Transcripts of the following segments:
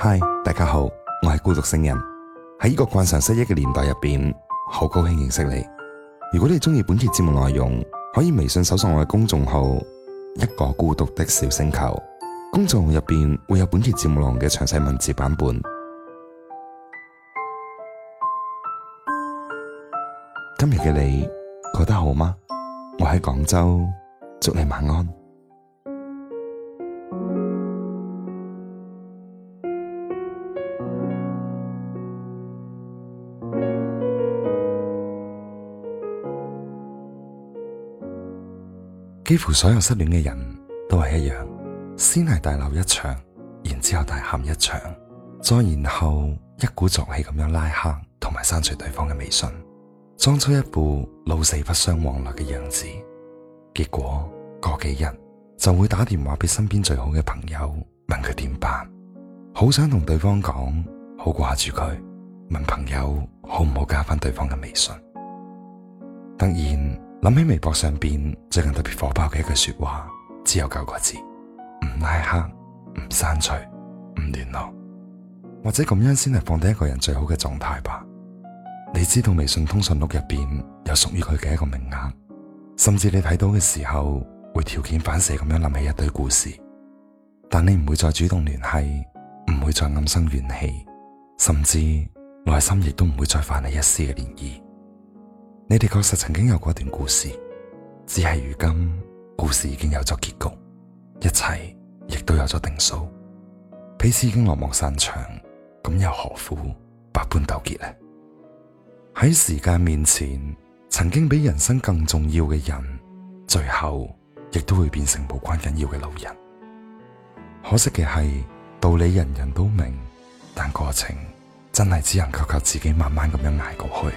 嗨，Hi, 大家好，我係孤獨星人。喺呢個慣常失憶嘅年代入邊，好高興認識你。如果你中意本期節目內容，可以微信搜索我嘅公眾號一個孤獨的小星球。公眾號入邊會有本期節目內容嘅詳細文字版本。今日嘅你過得好嗎？我喺廣州，祝你晚安。幾乎所有失戀嘅人都係一樣，先係大鬧一場，然之後大喊一場，再然後一鼓作氣咁樣拉黑同埋刪除對方嘅微信，裝出一副老死不相往來嘅樣子。結果過幾日就會打電話俾身邊最好嘅朋友，問佢點辦，好想同對方講，好掛住佢，問朋友好唔好加翻對方嘅微信，突然。諗起微博上邊最近特別火爆嘅一句說話，只有九個字：唔拉黑，唔刪除，唔聯絡，或者咁樣先係放低一個人最好嘅狀態吧。你知道微信通訊錄入邊有屬於佢嘅一個名額，甚至你睇到嘅時候會條件反射咁樣諗起一堆故事，但你唔會再主動聯繫，唔會再暗生怨氣，甚至內心亦都唔會再泛起一絲嘅漣漪。你哋確實曾經有過一段故事，只係如今故事已經有咗結局，一切亦都有咗定數。彼此已經落幕散場，咁又何苦百般糾結呢？喺時間面前，曾經比人生更重要嘅人，最後亦都會變成無關緊要嘅路人。可惜嘅係，道理人人都明，但過程真係只能夠靠自己慢慢咁樣挨過去。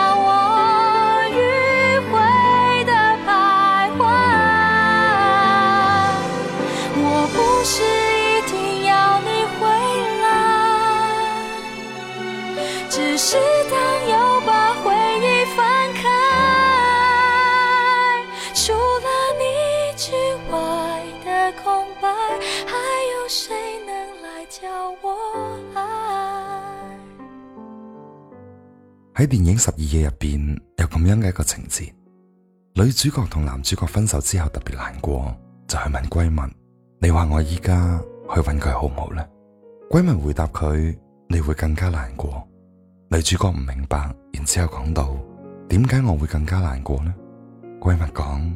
喺電影《十二夜》入邊有咁樣嘅一個情節，女主角同男主角分手之後特別難過，就去問閨蜜：你話我依家去揾佢好唔好呢？閨蜜回答佢：你會更加難過。女主角唔明白，然之後講到：點解我會更加難過呢？閨蜜講：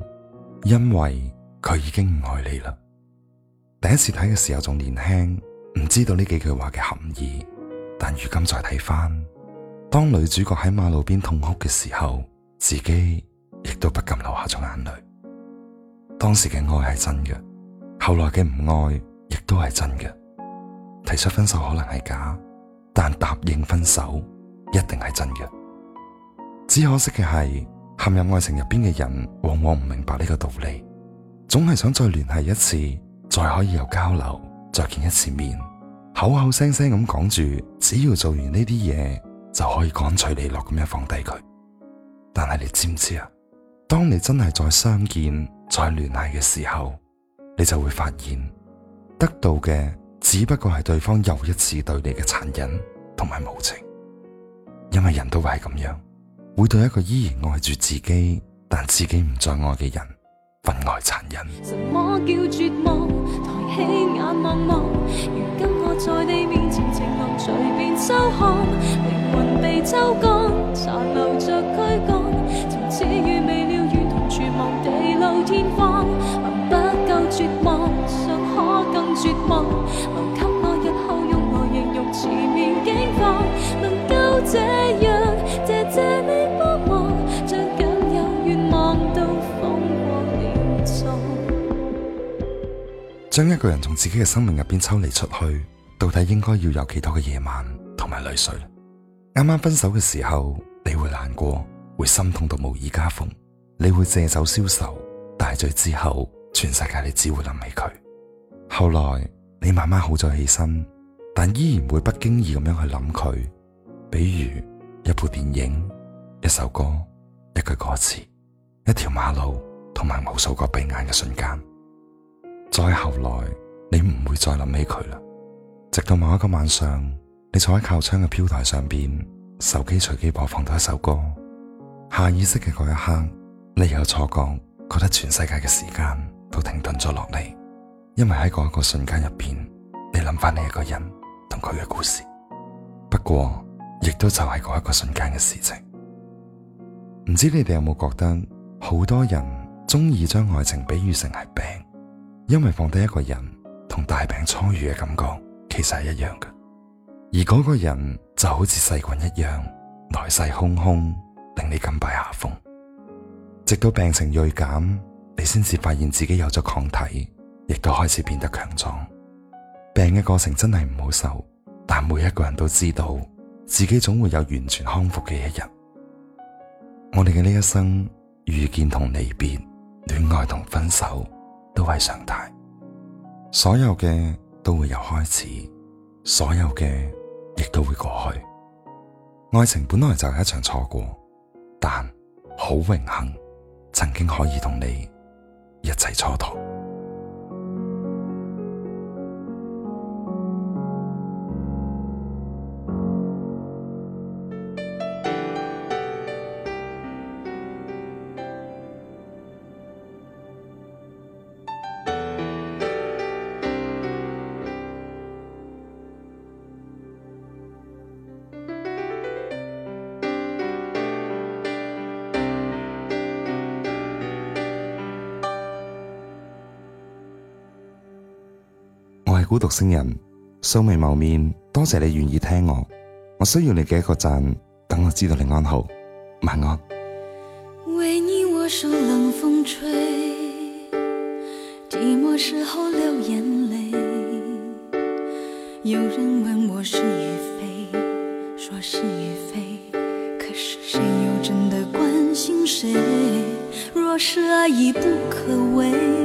因為佢已經唔愛你啦。第一次睇嘅時候仲年輕，唔知道呢幾句話嘅含義，但如今再睇翻。當女主角喺馬路邊痛哭嘅時候，自己亦都不禁流下咗眼淚。當時嘅愛係真嘅，後來嘅唔愛亦都係真嘅。提出分手可能係假，但答應分手一定係真嘅。只可惜嘅係，陷入愛情入邊嘅人往往唔明白呢個道理，總係想再聯繫一次，再可以有交流，再見一次面，口口聲聲咁講住，只要做完呢啲嘢，就可以乾脆利落咁樣放低佢，但係你知唔知啊？當你真係再相見，再聯繫嘅時候，你就會發現得到嘅只不過係對方又一次對你嘅殘忍同埋無情，因為人都會係咁樣，會對一個依然愛住自己但自己唔再愛嘅人。分外殘忍。將一個人從自己嘅生命入邊抽離出去，到底應該要有幾多嘅夜晚同埋淚水呢？啱啱分手嘅時候，你會難過，會心痛到無以復加，你會借酒消愁，大醉之後，全世界你只會諗起佢。後來，你慢慢好咗起身，但依然會不經意咁樣去諗佢，比如一部電影、一首歌、一句歌詞、一條馬路同埋無數個閉眼嘅瞬間。再後來，你唔會再諗起佢啦。直到某一個晚上，你坐喺靠窗嘅飄台上邊，手機隨機播放到一首歌，下意識嘅嗰一刻，你又有錯覺，覺得全世界嘅時間都停頓咗落嚟。因為喺嗰一個瞬間入邊，你諗翻你一個人同佢嘅故事。不過，亦都就係嗰一個瞬間嘅事情。唔知你哋有冇覺得，好多人中意將愛情比喻成係病。因為放低一個人同大病初愈嘅感覺其實係一樣嘅，而嗰個人就好似細菌一樣，來勢洶洶，令你甘拜下風，直到病情銳減，你先至發現自己有咗抗體，亦都開始變得強壯。病嘅過程真係唔好受，但每一個人都知道自己總會有完全康復嘅一日。我哋嘅呢一生，遇見同離別，戀愛同分手，都係常態，所有嘅都會有開始，所有嘅亦都會過去。愛情本來就係一場錯過，但好榮幸曾經可以同你一齊蹉跎。孤獨星人，素未謀面，多謝你願意聽我。我需要你嘅一個讚，等我知道你安好，晚安。為你我受冷風吹。寂寞時候流眼淚，有人問我是與非，說是與非，可是誰又真的關心誰，若是愛已不可為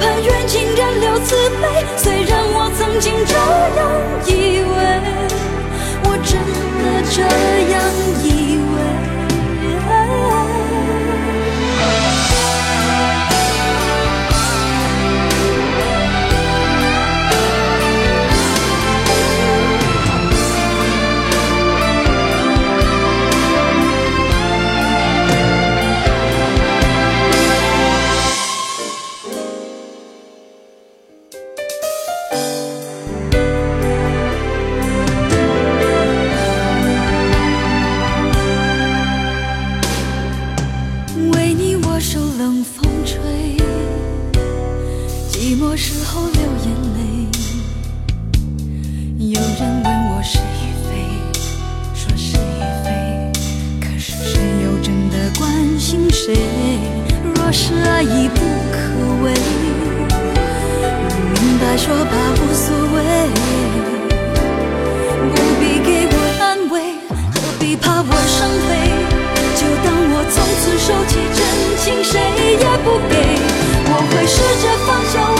盼緣盡，仍留慈悲，雖然我曾經這樣以為，我真的這樣。不給，我會試著放下。